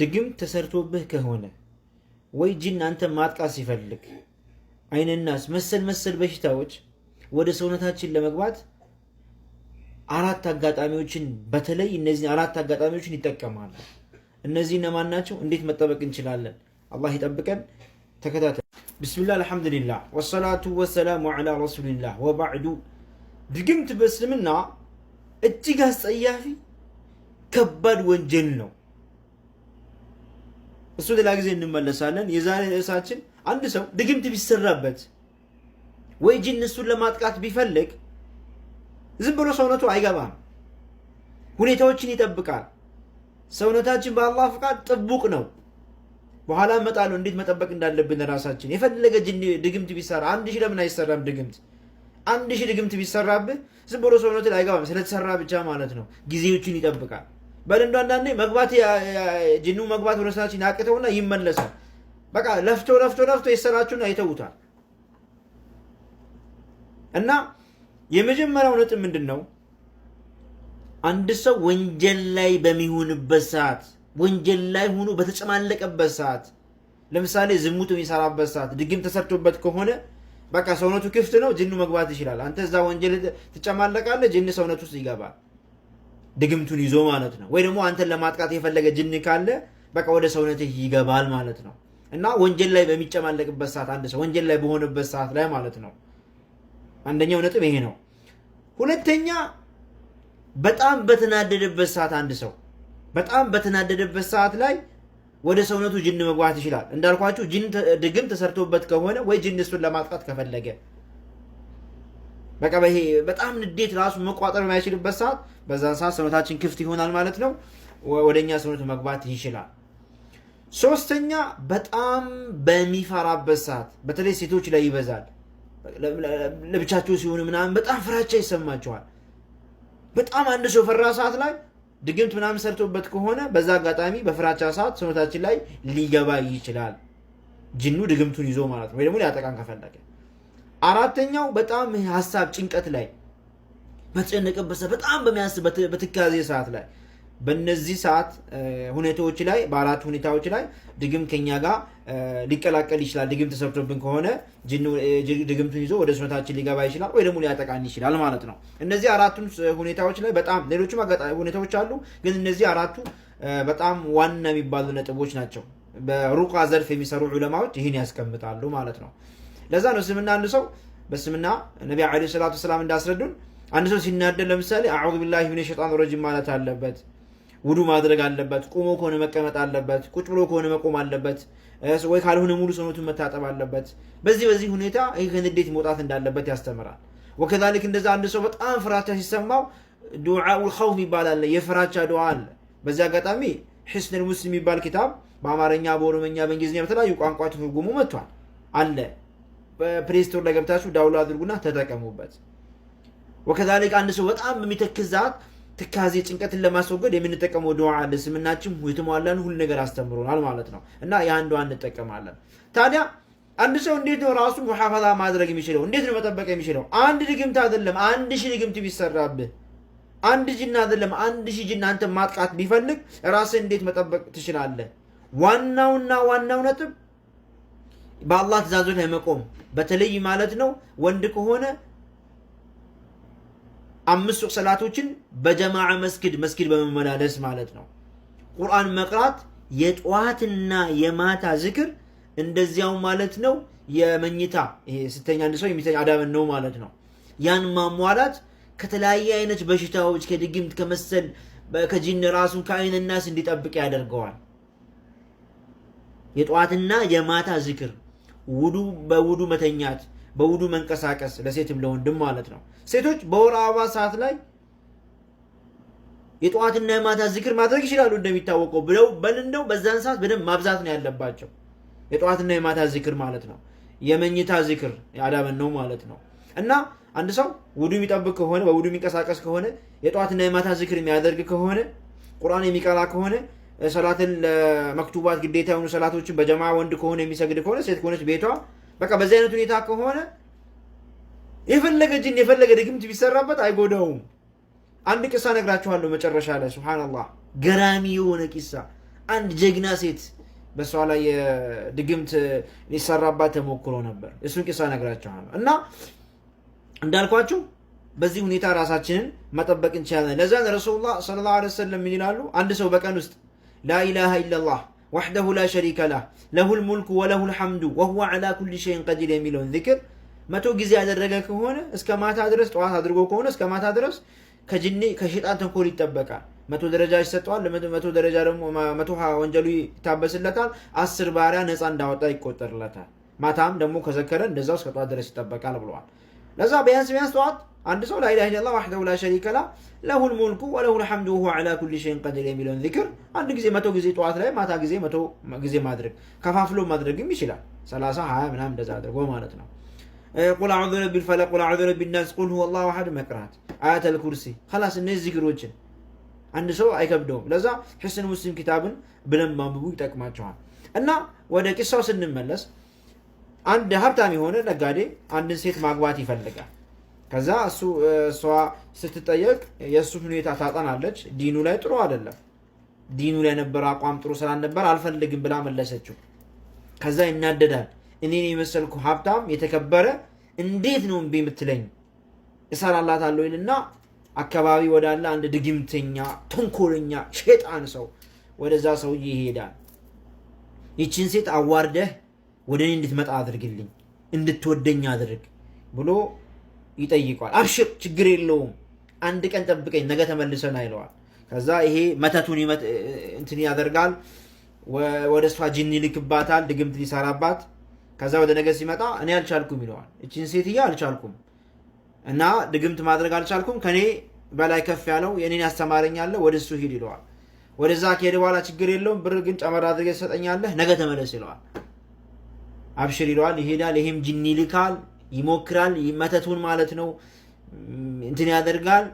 ድግም ተሰርቶብህ ከሆነ ወይ ጅን አንተ ማጥቃት ሲፈልግ አይንናስ መሰል መሰል በሽታዎች ወደ ሰውነታችን ለመግባት አራት አጋጣሚዎችን በተለይ እነዚህ አራት አጋጣሚዎችን ይጠቀማሉ። እነዚህ እነማን ናቸው? እንዴት መጠበቅ እንችላለን? አላህ ይጠብቀን። ተከታተል። ብስሚላ አልሐምዱሊላህ ወሰላቱ ወሰላሙ ዓላ ረሱሊላህ ወባዕዱ። ድግምት በእስልምና እጅግ አስጸያፊ ከባድ ወንጀል ነው። እሱ ሌላ ጊዜ እንመለሳለን። የዛሬ ርዕሳችን አንድ ሰው ድግምት ቢሰራበት ወይ ጅን እሱን ለማጥቃት ቢፈልግ ዝም ብሎ ሰውነቱ አይገባም። ሁኔታዎችን ይጠብቃል። ሰውነታችን በአላህ ፍቃድ ጥቡቅ ነው። በኋላ እመጣለሁ እንዴት መጠበቅ እንዳለብን ራሳችን። የፈለገ ጅን ድግምት ቢሰራ አንድ ሺህ ለምን አይሰራም? ድግምት አንድ ሺህ ድግምት ቢሰራብህ ዝም ብሎ ሰውነቱ አይገባም። ስለተሰራ ብቻ ማለት ነው። ጊዜዎችን ይጠብቃል። በልንዶ አንዳንዴ መግባት ጅኑ መግባት ወደስናችን ያቅተውና ይመለሳል። በቃ ለፍቶ ለፍቶ ለፍቶ የሰራችሁና አይተውታል። እና የመጀመሪያው ነጥብ ምንድን ነው? አንድ ሰው ወንጀል ላይ በሚሆንበት ሰዓት፣ ወንጀል ላይ ሆኖ በተጨማለቀበት ሰዓት፣ ለምሳሌ ዝሙት የሚሰራበት ሰዓት ድግም ተሰርቶበት ከሆነ በቃ ሰውነቱ ክፍት ነው፣ ጅኑ መግባት ይችላል። አንተ እዛ ወንጀል ትጨማለቃለህ፣ ጅን ሰውነት ውስጥ ይገባል። ድግምቱን ይዞ ማለት ነው። ወይ ደግሞ አንተን ለማጥቃት የፈለገ ጅን ካለ በቃ ወደ ሰውነትህ ይገባል ማለት ነው። እና ወንጀል ላይ በሚጨማለቅበት ሰዓት፣ አንድ ሰው ወንጀል ላይ በሆነበት ሰዓት ላይ ማለት ነው። አንደኛው ነጥብ ይሄ ነው። ሁለተኛ በጣም በተናደደበት ሰዓት፣ አንድ ሰው በጣም በተናደደበት ሰዓት ላይ ወደ ሰውነቱ ጅን መግባት ይችላል። እንዳልኳችሁ ጅን ድግም ተሰርቶበት ከሆነ ወይ ጅን እሱን ለማጥቃት ከፈለገ በቃ ይሄ በጣም ንዴት ራሱ መቋጠር የማይችልበት ሰዓት፣ በዛን ሰዓት ሰውነታችን ክፍት ይሆናል ማለት ነው። ወደኛ ሰውነት መግባት ይችላል። ሶስተኛ በጣም በሚፈራበት ሰዓት፣ በተለይ ሴቶች ላይ ይበዛል። ለብቻቸው ሲሆኑ ምናምን በጣም ፍራቻ ይሰማቸዋል። በጣም አንድ ሰው ፈራ ሰዓት ላይ ድግምት ምናምን ሰርቶበት ከሆነ በዛ አጋጣሚ በፍራቻ ሰዓት ሰውነታችን ላይ ሊገባ ይችላል። ጅኑ ድግምቱን ይዞ ማለት ነው፣ ወይ ደግሞ ሊያጠቃን ከፈለገ አራተኛው በጣም ሀሳብ ጭንቀት ላይ በተጨነቀበት በጣም በሚያስበት በትካዜ ሰዓት ላይ በነዚህ ሰዓት ሁኔታዎች ላይ በአራት ሁኔታዎች ላይ ድግም ከኛ ጋር ሊቀላቀል ይችላል። ድግም ተሰርቶብን ከሆነ ድግምቱን ይዞ ወደ ሰውነታችን ሊገባ ይችላል ወይ ደግሞ ሊያጠቃን ይችላል ማለት ነው። እነዚህ አራቱን ሁኔታዎች ላይ በጣም ሌሎችም አጋጣሚ ሁኔታዎች አሉ፣ ግን እነዚህ አራቱ በጣም ዋና የሚባሉ ነጥቦች ናቸው። በሩቃ ዘርፍ የሚሰሩ ዑለማዎች ይህን ያስቀምጣሉ ማለት ነው። ለዛ ነው እስልምና አንድ ሰው በእስልምና ነቢ ለ ሰላቱ ሰላም እንዳስረዱን አንድ ሰው ሲናደድ ለምሳሌ አዑዙ ቢላሂ ሚነ ሸጣን ረጂም ማለት አለበት፣ ውዱ ማድረግ አለበት፣ ቁሞ ከሆነ መቀመጥ አለበት፣ ቁጭ ብሎ ከሆነ መቆም አለበት፣ ወይ ካልሆነ ሙሉ ሰውነቱን መታጠብ አለበት። በዚህ በዚህ ሁኔታ ይህ ከንዴት መውጣት እንዳለበት ያስተምራል። ወከዛሊክ እንደዛ አንድ ሰው በጣም ፍራቻ ሲሰማው ዱዓኡ ልኸውፍ ይባላል፣ የፍራቻ ዱዓ አለ። በዚህ አጋጣሚ ሒስን ልሙስሊም የሚባል ኪታብ በአማርኛ፣ በኦሮመኛ፣ በእንግሊዝኛ በተለያዩ ቋንቋ ትርጉሙ መጥቷል አለ በፕሌስቶር ላይ ገብታችሁ ዳውሎ አድርጉና ተጠቀሙበት። ወከዛሊክ አንድ ሰው በጣም በሚተክዝ ሰዓት ትካዜ ጭንቀትን ለማስወገድ የምንጠቀመው ድዋ አለ። ስምናችን የተሟላን ሁሉ ነገር አስተምሮናል ማለት ነው እና ያን እንጠቀማለን። ታዲያ አንድ ሰው እንዴት ነው ራሱ ሙሐፈዛ ማድረግ የሚችለው? እንዴት ነው መጠበቅ የሚችለው? አንድ ድግምት አይደለም አንድ ሺ ድግምት ቢሰራብህ፣ አንድ ጅና አይደለም አንድ ሺ ጅና አንተ ማጥቃት ቢፈልግ ራስህ እንዴት መጠበቅ ትችላለህ? ዋናውና ዋናው ነጥብ በአላህ ትእዛዞች ላይ መቆም በተለይ ማለት ነው። ወንድ ከሆነ አምስት ሱቅ ሰላቶችን በጀማዓ መስጊድ መስጊድ በመመላለስ ማለት ነው። ቁርአን መቅራት፣ የጠዋትና የማታ ዝክር እንደዚያው ማለት ነው። የመኝታ ይሄ ስተኛ አንድ ሰው የሚተኛ አዳምን ነው ማለት ነው። ያን ማሟላት ከተለያየ አይነት በሽታዎች ከድግምት ከመሰል ከጂን ራሱን ከአይንናስ እንዲጠብቅ ያደርገዋል። የጠዋትና የማታ ዝክር ውዱ በውዱ መተኛት በውዱ መንቀሳቀስ ለሴትም ለወንድም ማለት ነው። ሴቶች በወር አበባ ሰዓት ላይ የጠዋትና የማታ ዝክር ማድረግ ይችላሉ። እንደሚታወቀው ብለው በልንደው በዛን ሰዓት በደንብ ማብዛት ነው ያለባቸው። የጠዋትና የማታ ዝክር ማለት ነው። የመኝታ ዝክር የአዳመን ነው ማለት ነው። እና አንድ ሰው ውዱ የሚጠብቅ ከሆነ በውዱ የሚንቀሳቀስ ከሆነ የጠዋትና የማታ ዝክር የሚያደርግ ከሆነ ቁርአን የሚቀራ ከሆነ ሰላትን ለመክቱባት ግዴታ የሆኑ ሰላቶችን በጀማ ወንድ ከሆነ የሚሰግድ ከሆነ ሴት ከሆነች ቤቷ በቃ በዚህ አይነት ሁኔታ ከሆነ የፈለገ ጅን የፈለገ ድግምት ቢሰራበት አይጎዳውም። አንድ ቂሳ ነግራችኋለሁ መጨረሻ ላይ ሱብሃነላህ፣ ገራሚ የሆነ ቂሳ። አንድ ጀግና ሴት በሷ ላይ የድግምት ሊሰራባት ተሞክሮ ነበር። እሱን ቂሳ ነግራችኋለሁ እና እንዳልኳችሁ በዚህ ሁኔታ ራሳችንን መጠበቅ እንችላለን። ለዛን ረሱሉላህ ሰለላሁ ዐለይሂ ወሰለም ይላሉ አንድ ሰው በቀን ውስጥ ላኢላሃ ኢለላህ ወሕደሁ ላ ሸሪከ ላህ ለሁል ሙልኩ ወለሁል ሐምዱ ወሁወ ዐላ ኩል ሸይን ቀዲር የሚለውን ዚክር መቶ ጊዜ ያደረገ ከሆነ እስከ ማታ ድረስ ጠዋት አድርጎ ከሆነ እስከ ማታ ድረስ ከጅኒ ከሸጣን ተንኮል ይጠበቃል። መቶ ደረጃ ይሰጠዋል። መቶ ደረጃ ደግሞ መቶ ወንጀሉ ይታበስለታል። አስር ባሪያ ነፃ እንዳወጣ ይቆጠርለታል። ማታም ደግሞ ከዘከረ እንደዛው እስከ ጠዋት ድረስ ይጠበቃል ብለዋል። ለዛ ቢያንስ ቢያንስ ጠዋት አንድ ሰው ላኢላሃ ኢለላህ ወህደሁ ላ ሸሪከ ላ ለሁል ሙልኩ ወለሁል ሐምዱ ወሁወ ዐላ ኩሊ ሸይን ቀዲር የሚለውን ዚክር አንድ ጊዜ መቶ ጊዜ ጠዋት ላይ ማታ ጊዜ መቶ ጊዜ ማድረግ ከፋፍሎ ማድረግም ይችላል። ሰላሳ ሀያ ምናምን እንደዛ አድርጎ ማለት ነው። ቁል አዑዙ ቢረቢል ፈለቅ፣ ቁል አዑዙ ቢረቢን ናስ፣ ቁል ሁወላሁ አሐድ መቅራት፣ አያተል ኩርሲ ኸላስ። እነዚህ ዚክሮችን አንድ ሰው አይከብደውም። ለዛ ሒስን ሙስሊም ኪታብን ብለን ማንበቡ ይጠቅማቸዋል። እና ወደ ቂሳው ስንመለስ አንድ ሀብታም የሆነ ነጋዴ አንድን ሴት ማግባት ይፈልጋል። ከዛ እሱ እሷ ስትጠየቅ የእሱ ሁኔታ ታጠናለች። ዲኑ ላይ ጥሩ አይደለም፣ ዲኑ ላይ ነበር አቋም ጥሩ ስላልነበር አልፈልግም ብላ መለሰችው። ከዛ ይናደዳል። እኔን የመሰልኩ ሀብታም የተከበረ እንዴት ነው እምቢ የምትለኝ? እሰራላታለሁ ይልና አካባቢ ወዳለ አንድ ድግምተኛ፣ ተንኮለኛ፣ ሸጣን ሰው ወደዛ ሰውዬ ይሄዳል። ይችን ሴት አዋርደህ ወደ እኔ እንድትመጣ አድርግልኝ፣ እንድትወደኝ አድርግ ብሎ ይጠይቋል። አብሽር ችግር የለውም አንድ ቀን ጠብቀኝ ነገ ተመልሰን አይለዋል። ከዛ ይሄ መተቱን እንትን ያደርጋል። ወደ እሷ ጅኒ ይልክባታል፣ ድግምት ሊሰራባት። ከዛ ወደ ነገ ሲመጣ እኔ አልቻልኩም ይለዋል። እችን ሴትዮ አልቻልኩም እና ድግምት ማድረግ አልቻልኩም፣ ከኔ በላይ ከፍ ያለው የኔን ያስተማረኛለ፣ ወደ እሱ ሂድ ይለዋል። ወደዛ ከሄደ በኋላ ችግር የለውም ብር ግን ጨመር አድርገህ ትሰጠኛለህ፣ ነገ ተመለስ ይለዋል። አብሽር ይለዋል። ይሄዳል። ይሄም ጅኒ ይልካል። ይሞክራል፣ መተቱን ማለት ነው እንትን ያደርጋል።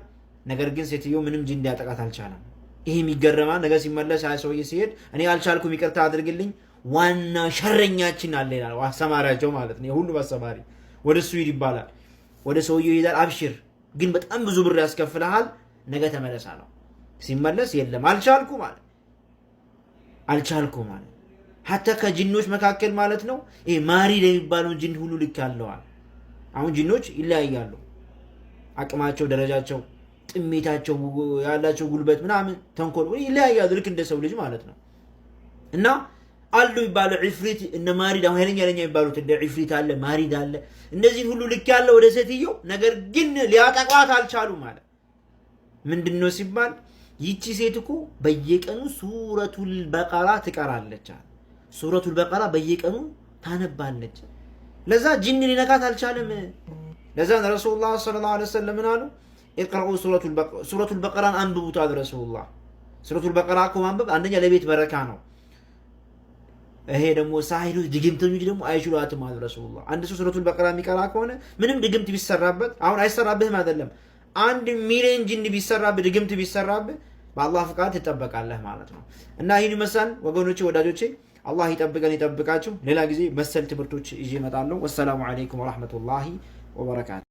ነገር ግን ሴትዮ ምንም ጅን ሊያጠቃት አልቻለም። ይህም ይገረማል። ነገር ሲመለስ ያ ሰውዬ ሲሄድ እኔ አልቻልኩም ይቅርታ አድርግልኝ፣ ዋና ሸረኛችን አለ ይላል። አሰማሪያቸው ማለት ነው። የሁሉም አሰማሪ ወደ እሱ ሂድ ይባላል። ወደ ሰውዬው ይሄዳል። አብሽር ግን በጣም ብዙ ብር ያስከፍልሃል፣ ነገ ተመለሳ ነው። ሲመለስ የለም አልቻልኩ ማለት አልቻልኩ ማለት ሀታ ከጅኖች መካከል ማለት ነው ይሄ ማሪ ለሚባለው ጅን ሁሉ ልክ ያለዋል አሁን ጂኖች ይለያያሉ። አቅማቸው፣ ደረጃቸው፣ ጥሜታቸው፣ ያላቸው ጉልበት ምናምን ተንኮል ይለያያሉ። ልክ እንደ ሰው ልጅ ማለት ነው እና አሉ ይባለው ዒፍሪት እነ ማሪድ አሁን ለኛ ኃይለኛ የሚባሉት እንደ ዒፍሪት አለ ማሪድ አለ። እነዚህ ሁሉ ልክ ያለ ወደ ሴትየው ነገር ግን ሊያጠቋት አልቻሉ። ማለት ምንድን ነው ሲባል ይቺ ሴት እኮ በየቀኑ ሱረቱል በቀራ ትቀራለች። ሱረቱል በቀራ በየቀኑ ታነባለች። ለዛ ጂን ሊነካት አልቻለም። ለዛ ረሱሉላ ሰለላሁ ዐለይሂ ወሰለም ምን አሉ? ኢቅረኡ ሱረቱል በቀራን አንብቡት አሉ ረሱሉላ። ሱረቱል በቀራ እኮ ማንበብ አንደኛ ለቤት በረካ ነው። ይሄ ደግሞ ሳሂሎች ድግምተኞች ደግሞ አይችሏትም አሉ ረሱሉላ። አንድ ሰው ሱረቱል በቀራ የሚቀራ ከሆነ ምንም ድግምት ቢሰራበት፣ አሁን አይሰራብህም አይደለም፣ አንድ ሚሊዮን ጂን ቢሰራብህ፣ ድግምት ቢሰራብህ በአላህ ፍቃድ ትጠበቃለህ ማለት ነው። እና ይህን ይመስላል ወገኖቼ፣ ወዳጆቼ አላህ ይጠብቀን ይጠብቃችሁ። ሌላ ጊዜ መሰል ትምህርቶች ይዤ እመጣለሁ። ወሰላሙ አለይኩም ወረሕመቱላሂ ወበረካቱ።